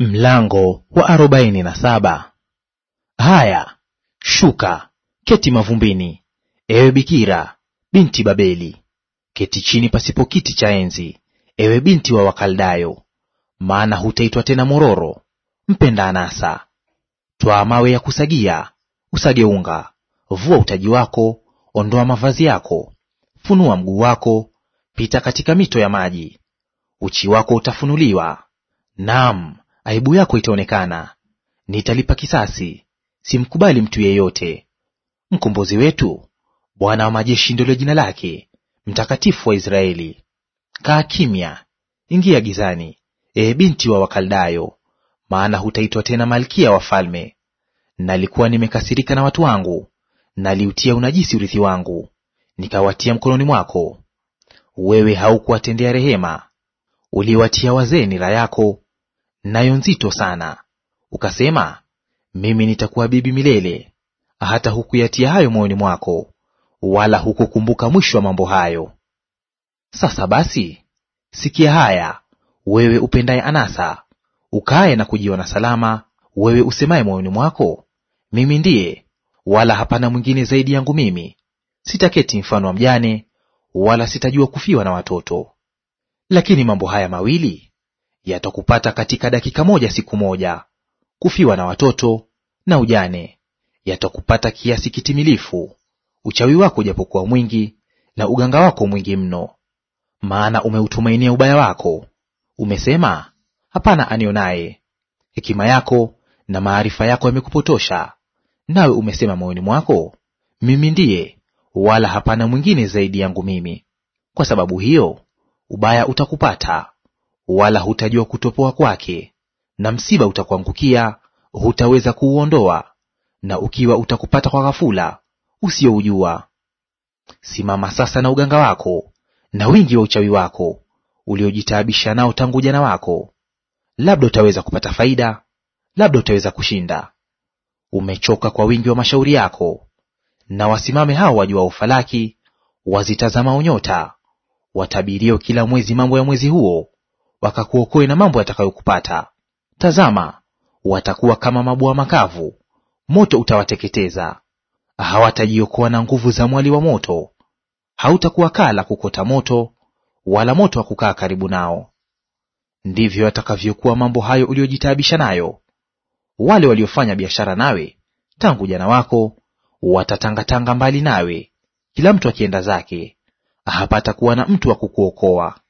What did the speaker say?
Mlango wa arobaini na saba. Haya, shuka keti mavumbini, ewe bikira binti Babeli, keti chini pasipo kiti cha enzi, ewe binti wa Wakaldayo, maana hutaitwa tena mororo, mpenda anasa. Twaa mawe ya kusagia, usage unga, vua utaji wako, ondoa mavazi yako, funua mguu wako, pita katika mito ya maji. Uchi wako utafunuliwa, naam aibu yako itaonekana. Nitalipa kisasi, simkubali mtu yeyote. Mkombozi wetu Bwana wa majeshi ndilo jina lake, mtakatifu wa Israeli. Kaa kimya, ingia gizani, ee binti wa Wakaldayo, maana hutaitwa tena malkia wa falme. Nalikuwa nimekasirika na watu wangu, naliutia unajisi urithi wangu, nikawatia mkononi mwako. Wewe haukuwatendea rehema, uliwatia wazee nira yako nayo nzito sana. Ukasema, mimi nitakuwa bibi milele, hata hukuyatia hayo moyoni mwako, wala hukukumbuka mwisho wa mambo hayo. Sasa basi, sikia haya, wewe upendaye anasa, ukaye na kujiona salama, wewe usemaye moyoni mwako, mimi ndiye, wala hapana mwingine zaidi yangu mimi; sitaketi mfano wa mjane, wala sitajua kufiwa na watoto. Lakini mambo haya mawili yatakupata katika dakika moja siku moja, kufiwa na watoto na ujane yatakupata kiasi kitimilifu, uchawi wako ujapokuwa mwingi na uganga wako mwingi mno. Maana umeutumainia ubaya wako, umesema, hapana anionaye. Hekima yako na maarifa yako yamekupotosha, nawe umesema moyoni mwako, mimi ndiye, wala hapana mwingine zaidi yangu mimi. Kwa sababu hiyo ubaya utakupata wala hutajua kutopoa kwake, na msiba utakuangukia hutaweza kuuondoa, na ukiwa utakupata kwa ghafula usioujua. Simama sasa na uganga wako na wingi wa uchawi wako uliojitaabisha nao tangu ujana wako, labda utaweza kupata faida, labda utaweza kushinda. Umechoka kwa wingi wa mashauri yako. Na wasimame hao wajua ufalaki, wazitazamao nyota, watabirio kila mwezi mambo ya mwezi huo, wakakuokoe na mambo yatakayokupata. Tazama, watakuwa kama mabua makavu, moto utawateketeza. Hawatajiokoa na nguvu za mwali wa moto, hautakuwa kaa la kukota moto, wala moto wa kukaa karibu nao. Ndivyo yatakavyokuwa mambo hayo uliyojitaabisha nayo. Wale waliofanya biashara nawe tangu jana wako watatangatanga mbali nawe, kila mtu akienda zake, hapatakuwa na mtu wa kukuokoa.